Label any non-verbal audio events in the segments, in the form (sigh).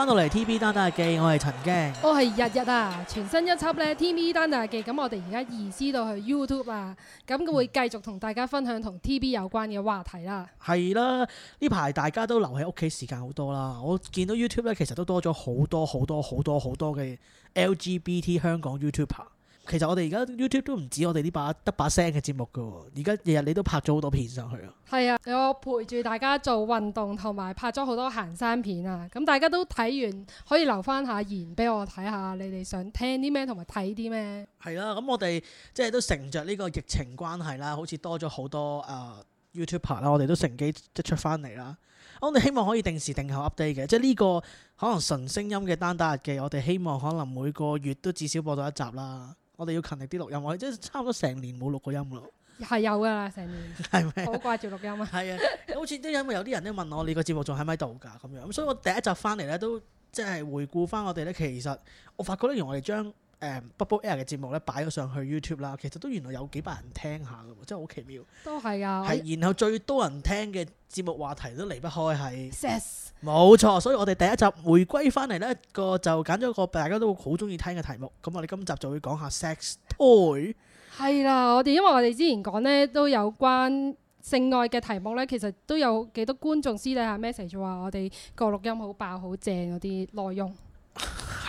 翻到嚟 TV 單打記，我係陳京，我係日日啊，全新一輯咧 TV 單打記，咁我哋而家移師到去 YouTube 啊，咁佢會繼續同大家分享同 TV 有關嘅話題、嗯、啦。係啦，呢排大家都留喺屋企時間好多啦，我見到 YouTube 咧，其實都多咗好多好多好多好多嘅 LGBT 香港 YouTuber。其實我哋而家 YouTube 都唔止我哋呢把得把聲嘅節目噶，而家日日你都拍咗好多片上去啊。係啊，我陪住大家做運動同埋拍咗好多行山片啊。咁大家都睇完，可以留翻下言俾我睇下，你哋想聽啲咩同埋睇啲咩？係啦、啊，咁、嗯、我哋即係都乘着呢個疫情關係啦，好似多咗好多誒、呃、YouTuber 啦，我哋都乘機即出翻嚟啦。我哋希望可以定時定候 update 嘅，即係、這、呢個可能純聲音嘅單打日記，我哋希望可能每個月都至少播到一集啦。我哋要勤力啲錄音，錄音吧，我即係差唔多成年冇錄過音咯。係有噶啦，成年係咪？好掛住錄音啊。係啊 (laughs) 好似都因為有啲人咧問我，你個節目仲喺咪度㗎咁樣，所以我第一集翻嚟咧都即係回顧翻我哋咧。其實我發覺咧，原來我哋將誒、um, Bubble Air 嘅節目咧擺咗上去 YouTube 啦，其實都原來有幾百人聽下㗎，真係好奇妙。都係啊，係然後最多人聽嘅節目話題都離不開係 sex。冇錯 Yes.，所以我哋第一集回歸翻嚟呢個就揀咗個大家都好中意聽嘅題目。咁我哋今集就會講下 sex toy。係啦，我哋因為我哋之前講呢，都有關性愛嘅題目咧，其實都有幾多觀眾私底下 message 話我哋個錄音好爆好正嗰啲內容。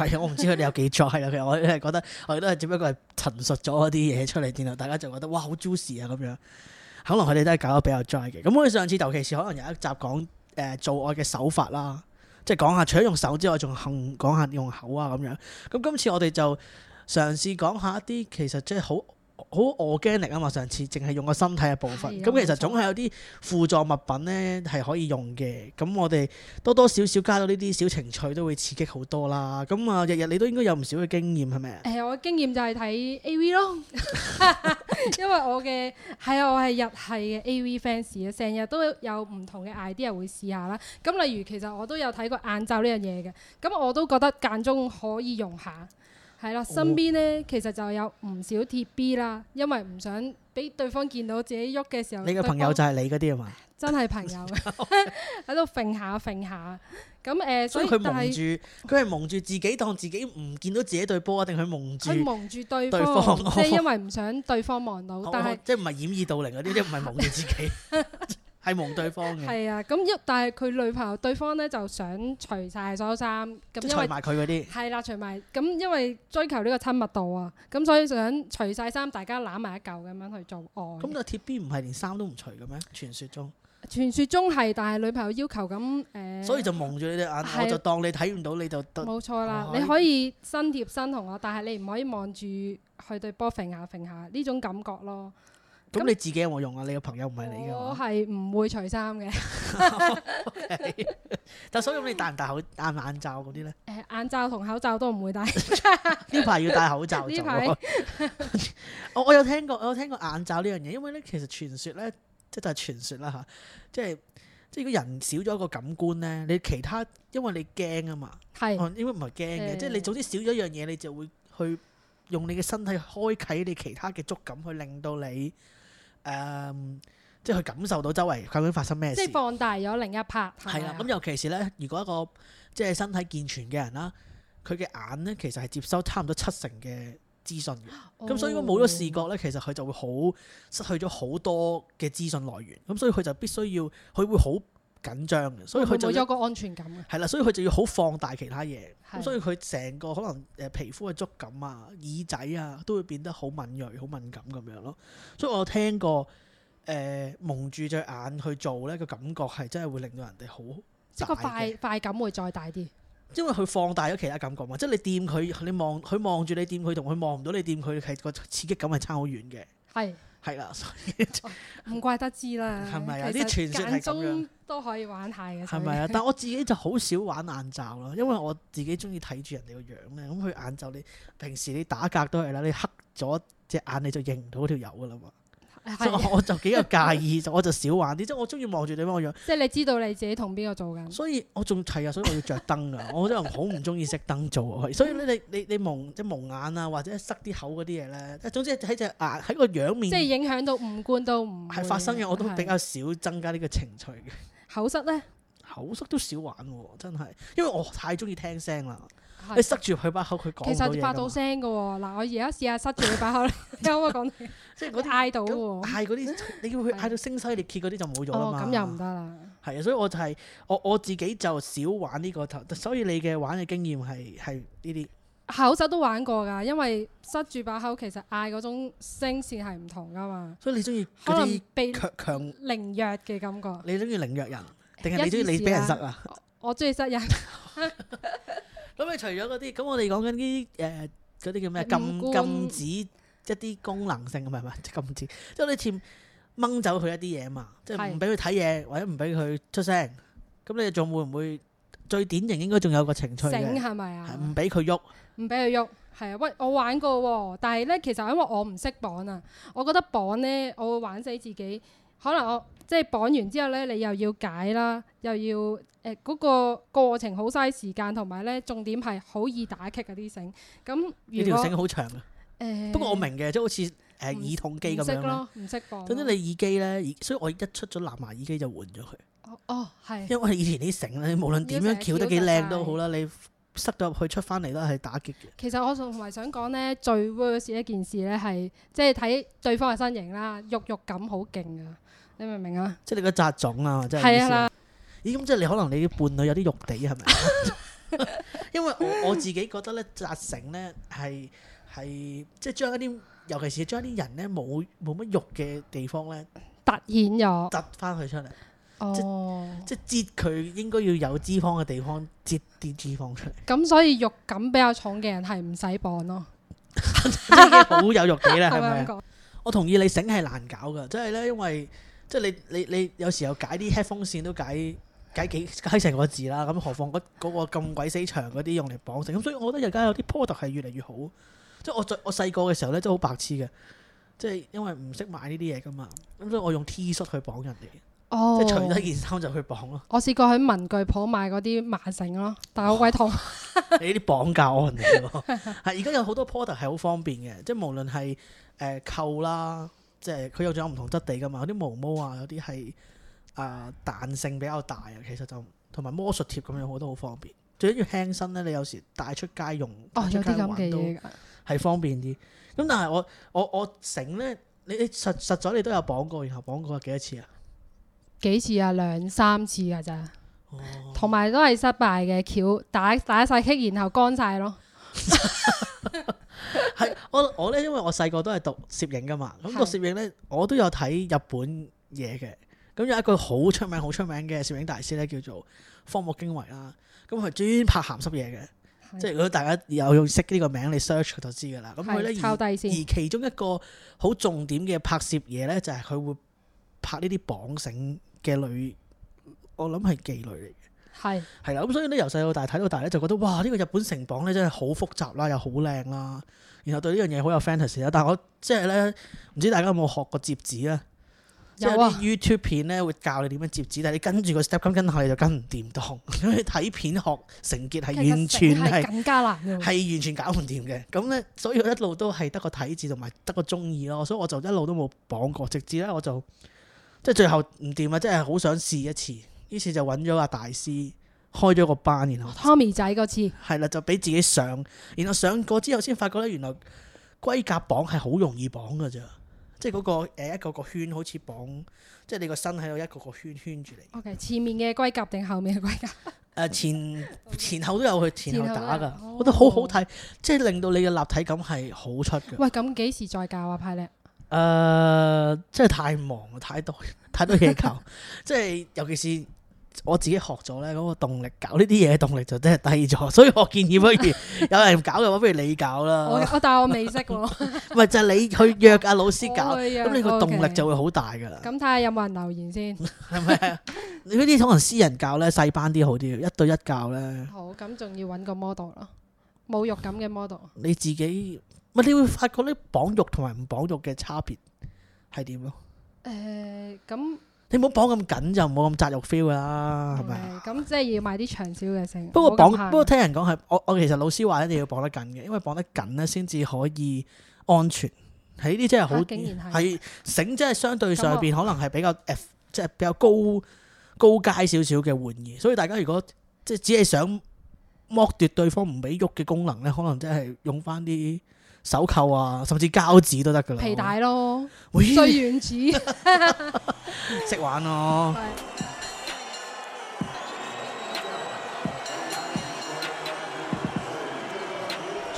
係啊，我唔知佢哋有幾 dry 啊！其實我真係覺得，我哋都係只不過係陳述咗一啲嘢出嚟，然後大家就覺得哇好 juicy 啊咁樣。可能佢哋都係搞得比較 dry 嘅。咁我哋上次尤其是可能有一集講誒、呃、做愛嘅手法啦，即係講下除咗用手之外，仲行講下用口啊咁樣。咁今次我哋就嘗試講下一啲其實即係好。好我驚力啊嘛，上次淨係用個身體嘅部分。咁的其實總係有啲輔助物品咧係可以用嘅。咁錯我哋多多少少加到呢啲小情趣，都會刺激好多啦。咁啊，日日你都應該有唔少嘅經驗係咪？誒，我經驗就係睇 A.V. 咯。 (laughs) (laughs) 因為我嘅係啊，我係日系嘅 A.V. fans 啊，成日都有唔同嘅 idea 會試下啦。咁例如其實我都有睇過眼罩呢樣嘢嘅，咁我都覺得間中可以用下。係啦，身邊呢其實就有唔少鐵 B 啦，因為唔想俾對方見到自己喐嘅時候。你嘅朋友方就係你嗰啲啊嘛？真係朋友喺度揈下揈下，咁、嗯、誒，所以佢蒙住，佢係是蒙住自己，當自己唔見到自己對波啊，定佢蒙住？佢蒙住對方，對方即係因為唔想對方望到， (laughs) 但係是 (laughs) 即係唔係掩耳盜鈴嗰啲，即係唔係蒙住自己？ (laughs) 係蒙對方嘅。係啊，咁一但係佢女朋友對方咧就想除晒所有衫，咁除埋佢嗰啲。係啦，除埋咁因為追求呢個親密度啊，咁所以想除晒衫，大家攬埋一嚿咁樣去做愛。咁就貼邊唔係連衫都唔除嘅咩？傳説中。傳説中係，但係女朋友要求咁誒。呃、所以就蒙住你隻眼，是我就當你睇唔到你就。冇錯啦，啊、你可以新貼新同我，但係你唔可以望住佢對波揈下揈下呢種感覺咯。咁你自己有冇用啊？你個朋友唔係你嘅、啊。我係唔會除衫嘅。 (laughs) (laughs) 但所以咁，你戴唔戴口戴，唔戴眼罩嗰啲咧？誒，眼罩同口罩都唔會戴。呢 (laughs) 排 (laughs) 要戴口罩。呢排。我我有聽過，我有聽過眼罩呢樣嘢，因為咧其實傳說咧、就是，即就係傳說啦吓，即係即係如果人少咗一個感官咧，你其他，因為你驚啊嘛。係是。因為唔係驚嘅，嗯、即係你總之少咗一樣嘢，你就會去用你嘅身體開啟你其他嘅觸感，去令到你。誒、嗯，即係佢感受到周圍究竟發生咩事，即係放大咗另一拍。a 係啦，咁的、嗯、尤其是咧，如果一個即係身體健全嘅人啦，佢嘅眼咧其實係接收差唔多七成嘅資訊嘅，咁、哦嗯、所以如果冇咗視覺咧，其實佢就會好失去咗好多嘅資訊來源，咁、嗯、所以佢就必須要佢會好。緊張嘅，所以佢就會會有咗個安全感嘅。係啦，所以佢就要好放大其他嘢，是的 所以佢成個可能誒皮膚嘅觸感啊、耳仔啊，都會變得好敏鋭、好敏感咁樣咯。所以我聽過誒、呃、蒙住隻眼去做咧，個感覺係真係會令到人哋好即個快快感會再大啲。因為佢放大咗其他感覺嘛，即係你掂佢，你望佢望住你掂佢，同佢望唔到你掂佢，係、嗰個刺激感係差好遠嘅。係。係啦，所以就唔、哦、怪得知啦。係咪啊？啲實傳說係咁樣中都可以玩下嘅。係咪啊？ (laughs) 但我自己就好少玩眼罩咯，因為我自己中意睇住人哋個樣咧。咁佢眼罩你平時你打格都係啦，你黑咗隻眼你就認唔到嗰條友噶啦嘛。是我就幾有介意， (laughs) 我就少玩啲，即係我中意望住對方個樣。即係你知道你自己同邊個做緊？所以我，我仲係啊，所以我要着燈啊！ (laughs) 我真係好唔中意熄燈做，所以咧，你你你蒙即係蒙眼啊，或者塞啲口嗰啲嘢咧。總之喺隻眼喺個樣面，即係影響到五官都唔係發生嘅，我都比較少增加呢個情趣嘅的 (laughs) 口塞咧呢。口塞都少玩喎，真係，因為我太中意聽聲啦。對你塞住佢把口，佢講其實發到聲嘅喎，嗱，我而家試下塞住佢把口，你可唔可以講。即係我嗌到喎，嗌嗰啲，你叫佢嗌到， (laughs) 到聲嘶力竭嗰啲就冇用。哦，咁又唔得啦。係啊，所以我就係、係、我我自己就少玩呢、呢個頭，所以你嘅玩嘅經驗係係呢啲。口塞都玩過㗎，因為塞住把口，其實嗌嗰種聲線係唔同㗎嘛。所以你中意可能被強凌弱嘅感覺。你中意凌弱人，定係你中意你俾人塞試試啊？我中意塞人。 (laughs) (laughs) 咁你除咗嗰啲，咁我哋講緊啲誒嗰啲叫咩，禁，禁止一啲功能性，唔係禁止，即係你似掹走佢一啲嘢嘛，是即係唔俾佢睇嘢，或者唔俾佢出聲。咁你仲會唔會最典型應該仲有個情趣整，係咪啊？唔俾佢喐，唔俾佢喐，係啊！喂，我玩過喎，但係咧其實因為我唔識綁啊，我覺得綁咧我會玩死自己。可能我即係綁完之後咧，你又要解啦，又要誒嗰，呃那個過程好嘥時間，同埋咧重點係好易打擊嗰啲繩。咁呢果條繩好長啊，誒、欸、不過我明嘅，即係好似誒、呃、不耳筒機咁樣咧。唔識咯，唔識講。等等你耳機咧，所以我一出咗藍牙耳機就換咗佢。哦。哦哦，係。因為以前啲繩咧，無論點樣翹得幾靚都好啦，你塞咗入去出翻嚟都係打擊嘅。其實我仲同埋想講咧，最 worst 一件事咧係即係睇對方嘅身形啦，肉肉感好勁啊！你明唔明啊？即係你個紮種啊即係啲事。咦，咁即係你可能你伴侶有啲肉地，係咪？是是 (laughs) (laughs) 因為我我自己覺得咧，紮繩咧係係即係將一啲，尤其是將啲人咧冇冇乜肉嘅地方咧，凸顯咗，凸翻佢出嚟。哦，即係截佢應該要有脂肪嘅地方，截啲脂肪出嚟。咁、嗯、所以肉感比較重嘅人係唔使綁咯。好 (laughs) (laughs) 有肉地啦，係咪 (laughs) 我，說我同意你繩係難搞噶，即係咧，因為。即係你你你有時候解啲 headphone 線都解解幾解成個字啦，咁何況嗰、嗰個咁鬼死長嗰啲用嚟綁繩，咁所以我覺得而家有啲 product 係越嚟越好。即係我我細個嘅時候咧，真係好白痴嘅，即係因為唔識買呢啲嘢㗎嘛，咁所以我用 T 恤去綁人哋，哦、即係除咗件衫就去綁咯。我試過喺文具鋪買嗰啲麻繩咯，但係好鬼痛。哦、 (laughs) 你呢啲綁架案嚟嘅喎，而家 (laughs) 有好多 product 係好方便嘅，即係無論係誒、呃、扣啦。呃即係佢又仲有唔同質地噶嘛，有啲毛毛啊，有啲係啊彈性比較大啊，其實就同埋魔術貼咁樣好都好方便，最緊要輕身咧，你有時帶出街用，哦、出街玩都係方便啲。咁但係我我我成咧，你你實實在你都有綁過，然後綁過幾多次啊？幾次啊？兩三次噶咋，同埋，哦、都係失敗嘅，橋打打晒棘然後乾晒咯。 (laughs) 係 (laughs) 我我咧，因為我細個都係讀攝影噶嘛，咁個攝影咧，我都有睇日本嘢嘅。咁有一個好出名、好出名嘅攝影大師咧，叫做荒木經惟啦。咁佢專拍鹹濕嘢嘅，即係如果大家有用識呢個名，你 search 佢就知噶啦。咁佢咧而其中一個好重點嘅拍攝嘢咧，就係、是、佢會拍呢啲綁繩嘅女，我諗係妓女嚟。係，啦，咁所以咧，由細到大睇到大咧，就覺得哇，呢、這個日本城榜咧真係好複雜啦，又好靚啦，然後對呢樣嘢好有 fantasy 啦。但係我即係咧，唔知大家有冇學過折紙咧？有啊。YouTube 片咧會教你點樣折紙，但係你跟住個 step 咁跟下你就跟唔掂當，因為睇片學成結係完全係更加難係完全搞唔掂嘅。咁咧，所以我一路都係得個睇字同埋得個中意咯，所以我就一路都冇綁過，直至咧我就即係最後唔掂啊！即係好想試一次。於是就揾咗阿大師開咗個班，然後、哦、Tommy 仔嗰次係啦，就俾自己上，然後上過之後先發覺呢，原來龜甲綁係好容易綁㗎咋，嗯、即係嗰個一個一個圈好綁，好似綁即係你個身喺度一個一個，一個圈圈住你。OK，前面嘅龜甲定後面嘅龜甲？誒、呃、前前後都有去前後打㗎，啊哦、我覺得好好睇，即係令到你嘅立體感係好出嘅。喂，咁幾時再教啊？派 a t 真係太忙太多太多嘢教， (laughs) 即係尤其是。我自己學咗咧，嗰個動力搞呢啲嘢動力就真係低咗，所以我建議不如有人搞嘅話， (laughs) 不如你搞啦。我但我未識喎。唔 (laughs) 係 (laughs) 就係你去約阿老，老師搞，咁你個動力就會好大㗎啦。咁睇下有冇人留言先。係咪？你嗰啲可能私人教咧細班啲好啲，一對一教咧。好，咁仲要揾個 model 咯，冇肉感嘅 model。你自己，咪你會發覺咧，綁肉同埋唔綁肉嘅差別係點咯？誒、呃，咁。你唔好綁咁緊就唔好咁紮肉 feel 噶啦，係咪、嗯？咁、嗯、即係要買啲長銷嘅繩。不過綁，綁不過聽人講係，我我其實老師話一定要綁得緊嘅，因為綁得緊咧先至可以安全。喺呢啲真係好，係、啊、繩真係相對上邊、嗯、可能係比較誒，即係比較高高階少少嘅玩意。所以大家如果即係只係想剝奪對方唔俾喐嘅功能咧，可能即係用翻啲。手扣啊，甚至膠紙都得㗎喇。皮帶咯，碎圓子，識原 (laughs) (laughs) 玩咯，啊。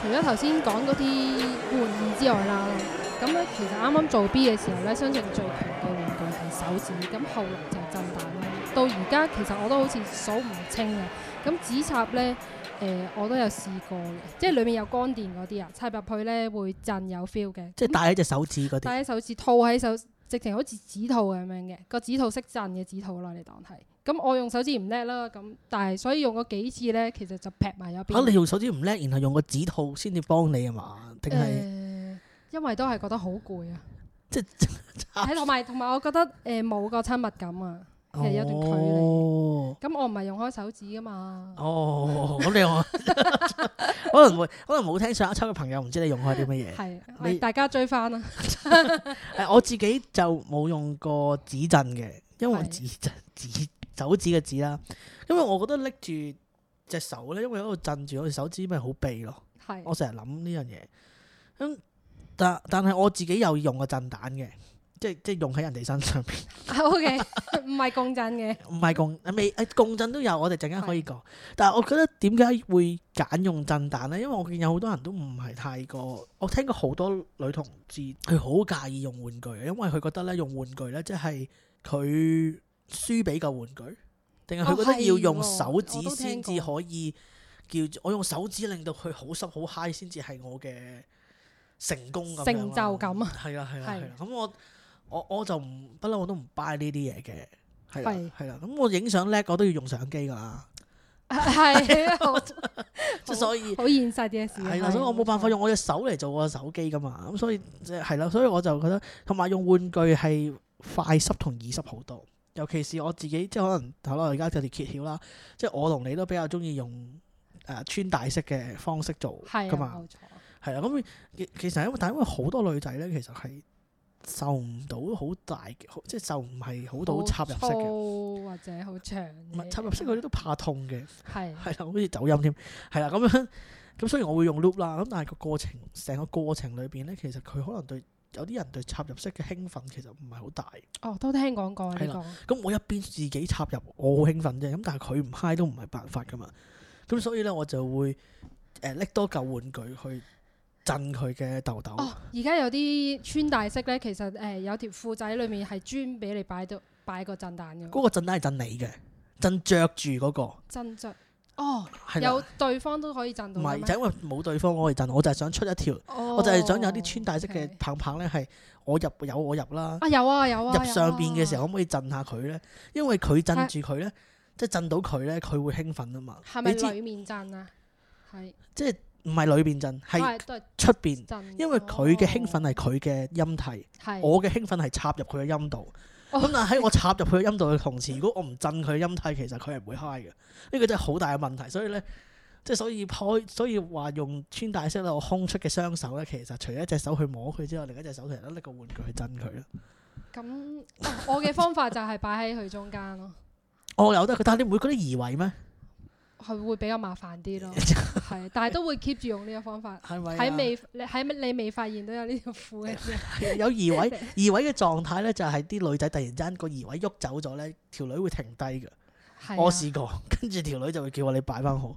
除咗頭先講嗰啲玩意之外啦，咁咧其實啱啱做 B 嘅時候咧，相信最強嘅玩具係手指，咁後嚟就係震彈啦。到而家其實我都好似數唔清嘅，咁紙插咧。誒、呃，我都有試過嘅，即係裡面有乾電嗰啲啊，插入去咧會震有 feel 嘅。即係戴喺隻手指嗰啲。戴喺手指，套喺手，直情好似指套咁樣嘅，個指套識震嘅指套咯，你當係。咁我用手指唔叻啦，咁但係所以用過幾次咧，其實就劈埋一邊。你用手指唔叻，然後用個指套先至幫你啊嘛？定係、呃？因為都係覺得好攰啊。即係， (laughs) 係同埋同埋，我覺得誒冇、呃、個親密感啊，其實有一段距離。哦。咁我唔係用開手指噶嘛？哦，咁你 (laughs) (laughs) 可能會可能冇聽上一輯嘅朋友唔知你用開啲乜嘢？係是，你大家追翻啦。係 (laughs) 我自己就冇用過指震嘅，因為我指震指手指嘅指啦。因為我覺得拎住隻手咧，因為喺度震住我隻手指，咪好痹咯。係，我成日諗呢樣嘢。咁但但係我自己又用過震彈嘅。即即用喺人哋身上邊，O K，唔係共振嘅，唔係 (laughs) 共未共振都有，我哋陣間可以講。是但係我覺得點解會揀用震彈咧？因為我見有好多人都唔係太過，我聽過好多女同志佢好介意用玩具，因為佢覺得咧用玩具咧即係佢輸俾個玩具，定係佢覺得要用手指先至可以、哦、我叫我用手指令到佢好濕好嗨先至係我嘅成功咁成就感啊！係啊係啊係啊咁我。我我就唔不嬲，我都唔 buy 呢啲嘢嘅，係係啦。咁我影相叻，我都要用相機噶啦。係，即所以好現實啲啊。係啦，所以我冇辦法用我隻手嚟做我手機噶嘛。咁所以即係係啦，所以我就覺得，同埋用玩具係快濕同易濕好多。尤其是我自己，即可能好啦，而家就跌揭曉啦。即我同你都比較中意用誒穿戴式嘅方式做噶嘛。係啦，咁其實因為但因為好多女仔咧，其實係。受唔到好大嘅，即係受唔係好到插入式嘅，或者好長。唔係插入式嗰啲都怕痛嘅，係係啦，好似走音添，係啦咁樣。咁雖然我會用 loop 啦，咁但係個過程成個過程裏邊咧，其實佢可能對有啲人對插入式嘅興奮其實唔係好大。哦，都聽講過呢個。咁我一邊自己插入，我好興奮啫。咁但係佢唔嗨都唔係辦法噶嘛。咁所以咧，我就會誒、呃、拎多嚿玩具去，震佢嘅豆豆。哦，而家有啲穿戴式咧，其實誒有條褲仔裏面係專俾你擺到擺個震蛋嘅。嗰個震蛋係震你嘅，震着住嗰個。震着，哦，有對方都可以震到。唔係，就因為冇對方可以震，我就係想出一條，我就係想有啲穿戴式嘅棒棒咧，係我入有我入啦。啊，有啊有啊。入上邊嘅時候可唔可以震下佢咧？因為佢震住佢咧，即係震到佢咧，佢會興奮啊嘛。係咪裏面震啊？係。即係。唔係裏邊震，係出邊，因為佢嘅興奮係佢嘅音體，哦、我嘅興奮係插入佢嘅音度。咁、哦、但喺我插入佢嘅音度嘅同時，如果我唔震佢嘅音體，其實佢係唔會 high 嘅。呢個真係好大嘅問題。所以呢，即係所以開，所以話用穿戴式咧，我空出嘅雙手呢，其實除咗一隻手去摸佢之外，另一隻手其實都拎個玩具去震佢咯。咁、哦、我嘅方法就係擺喺佢中間咯、 (laughs) 哦。我由得佢，但你唔會覺得移位咩？係會比較麻煩啲咯，係， (laughs) 但係都會 keep 住用呢個方法喺，未喺乜你未發現都有呢條褲嘅， (laughs) 有移位 (laughs) 移位嘅狀態咧，就係啲女仔突然間個移位喐走咗咧，條女會停低㗎。啊、我試過，跟住條女就會叫我你擺翻好，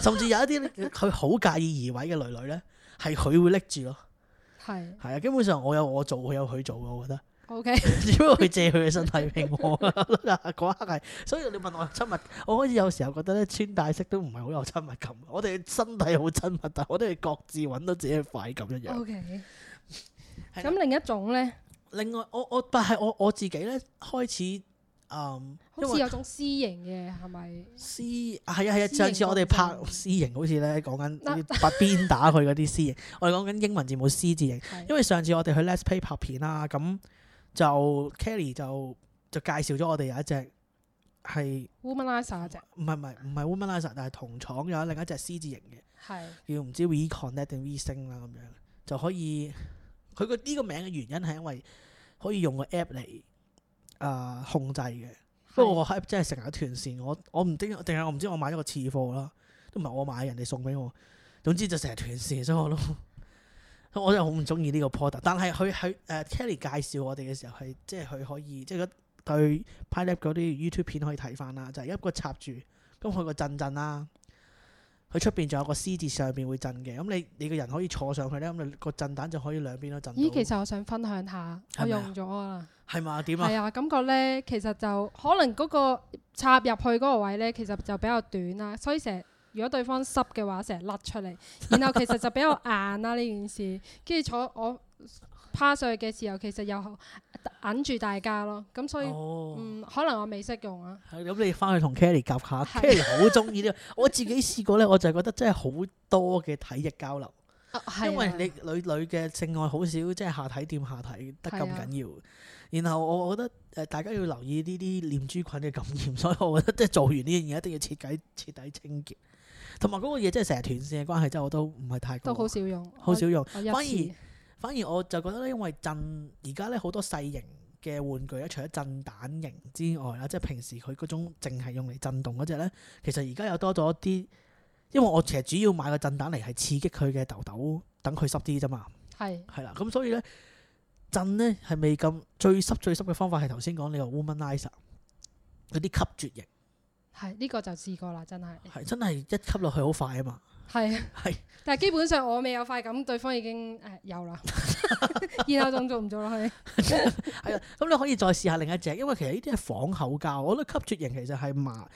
甚至有一啲佢好介意移位嘅女女咧，係佢 (laughs) 會拎住咯，係係是啊，基本上我有我做，佢有佢做嘅，我覺得。O K，只不過佢借佢嘅身體俾我啦，嗰一刻係，所以你問我親密，我開始有時候覺得咧穿戴式都唔係好有親密感。我哋身體好親密，但係我哋各自揾到自己嘅快感一樣。O K，咁另一種咧，另外我我但係我我自己咧開始，嗯，好似有種 C 型嘅係咪？C 係啊係啊，上次我哋拍 C 型，好似咧講緊嗰啲打打佢嗰啲 C 型，我哋講緊英文字母 C 字形，因為上次我哋去 Les p a p 拍片啦，咁。就 Kelly 就就介紹咗我哋有一隻係 Womanizer 嗰隻，唔係唔係唔係 Womanizer，但係同廠有另一隻 C 字型嘅，是叫唔知 We Connect 定 We Sing 啦咁樣，就可以佢個呢個名嘅原因係因為可以用個 app 嚟啊、呃、控制嘅。是不過我 app 真係成日斷線，我我唔知定係我唔知我買咗個次貨啦，都唔係我買，人哋送俾我。總之就成日斷線咗咯。所以我都 (laughs) 我真係好唔中意呢個 product 但係佢喺誒 Kelly 介紹我哋嘅時候係，即係佢可以即係佢對 PiLab 嗰啲 YouTube 片可以睇翻啦，就係一個插住，咁佢個震震啦，佢出邊仲有個 C 字上邊會震嘅，咁你你個人可以坐上去咧，咁你個震彈就可以兩邊都震到。咦，其實我想分享下，嗎我用咗啦。係嘛？點啊？係啊，感覺咧，其實就可能嗰個插入去嗰個位咧，其實就比較短啦，所以成。如果對方濕嘅話，成日甩出嚟，然後其實就比較硬啦、啊、呢 (laughs) 件事。跟住坐我趴上去嘅時候，其實又揞住大家咯。咁所以、哦嗯，可能我未識用啊。咁，你翻去同 Kelly 夾下 Kelly 好中意呢。我自己試過呢， (laughs) 我就係覺得真係好多嘅體液交流，啊啊、因為你女女嘅性愛好少，即係下體掂下體得咁緊要。啊、然後我我覺得大家要留意呢啲念珠菌嘅感染，所以我覺得即係做完呢樣嘢一定要徹底徹底清潔。同埋嗰個嘢真係成日斷線嘅關係，真係我都唔係太覺得。都好少用，好少用，我反而反而我就覺得咧，因為震而家咧好多細型嘅玩具咧，除咗震蛋型之外啦，即係平時佢嗰種淨係用嚟震動嗰隻咧，其實而家有多咗啲，因為我其實主要買個震蛋嚟係刺激佢嘅痘痘，等佢濕啲啫嘛。係係啦，咁所以咧震咧係未咁最濕最濕嘅方法係頭先講你個 womanizer 嗰啲吸啜型。係呢個就試過啦，真係。係真係一吸落去好快啊嘛。係是。係是。但係基本上我未有快感，對方已經誒、哎、有啦。 (laughs) 然後仲做唔做落去？係啊 (laughs) ，咁你可以再試下另一隻，因為其實呢啲係仿口膠，我覺得吸啜型，其實係麻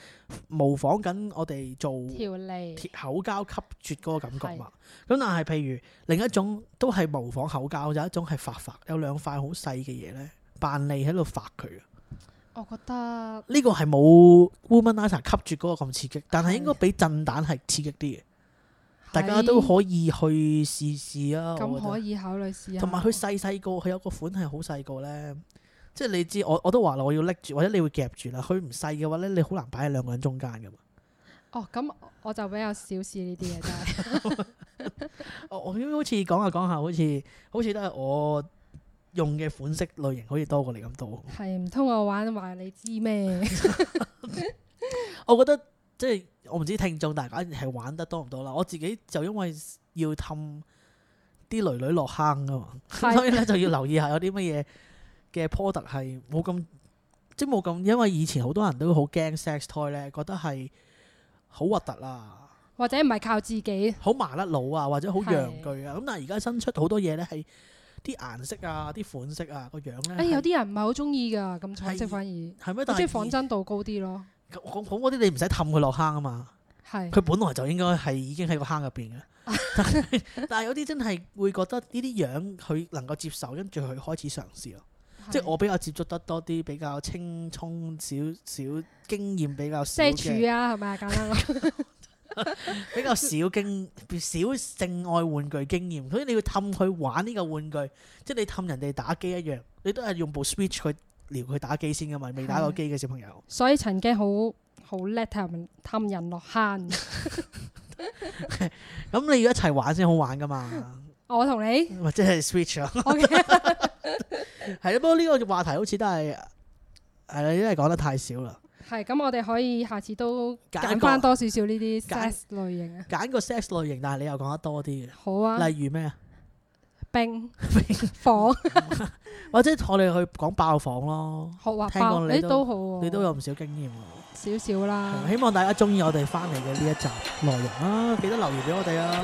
模仿緊我哋做條脷、口膠吸啜嗰個感覺嘛。咁理但係譬如另一種都係模仿口膠，就一種係發發，有兩塊好細嘅嘢咧，扮脷喺度發佢啊。我覺得呢個係冇 womanizer 吸住嗰個咁刺激，但係應該比震彈係刺激啲嘅，的大家都可以去試試啊！咁可以考慮試下。同埋佢細細個，佢有個款係好細個咧，即係你知我我都話啦，我要拎住，或者你會夾住啦。佢唔細嘅話咧，你好難擺喺兩個人中間噶嘛。哦，咁我就比較少試呢啲嘢，真係、 (laughs) (laughs) 哦。我我好似講下講下，好似好似都係我。用嘅款式類型可以多過你咁多，係唔通我玩話你知咩？ (laughs) (laughs) 我覺得即係我唔知聽眾大家係玩得多唔多啦。我自己就因為要氹啲女女落坑啊嘛，是的 (laughs) 所以咧就要留意下有啲乜嘢嘅 port 係冇咁即係冇咁，因為以前好多人都好驚 sex 胎咧，覺得係好核突啦，或者唔係靠自己，好麻甩佬啊，或者好洋具啊。咁是的 但係而家新出好多嘢咧係。啲顏色啊，啲款式啊，個樣咧，誒、哎、有啲人唔係好中意㗎，咁彩色反而即係仿真度高啲咯。好，嗰啲你唔使氹佢落坑啊嘛，係佢是本來就應該係已經喺個坑入邊嘅。啊、但係 (laughs) 有啲真係會覺得呢啲樣佢能夠接受，跟住佢開始嘗試咯。即係是我比較接觸得多啲比較青葱少少經驗比較。即係處啊，係咪簡單？ (laughs) 比較少經少性愛玩具經驗，所以你要氹佢玩呢個玩具，即係你氹人哋打機一樣，你都係用部 Switch 去撩佢打機先㗎嘛，未打過機嘅小朋友。 (laughs) 所以曾經好好叻氹氹人落坑，咁 (laughs) (laughs) 你要一齊玩先好玩㗎嘛。 (laughs) 我同你，或者係 Switch 咯。係啦，不過呢個話題好似都係係啦，因為講得太少啦。係咁，我哋可以下次都揀翻多少少呢啲 sex 類型啊。揀個 sex 類型，但係你又講得多啲嘅。好啊。例如咩啊？冰冰房或者我哋去講爆房咯。學滑爆你都好，你都有唔少經驗。少少啦。希望大家中意我哋翻嚟嘅呢一集內容啊！記得留言俾我哋啊。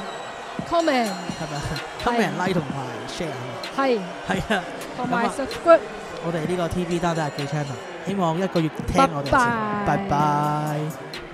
Comment 係咪？Comment like 同埋 share 係，係啊，同埋 subscribe。我哋呢個 TV 單單嘅 channel。希望一個月聽我哋節目，拜拜。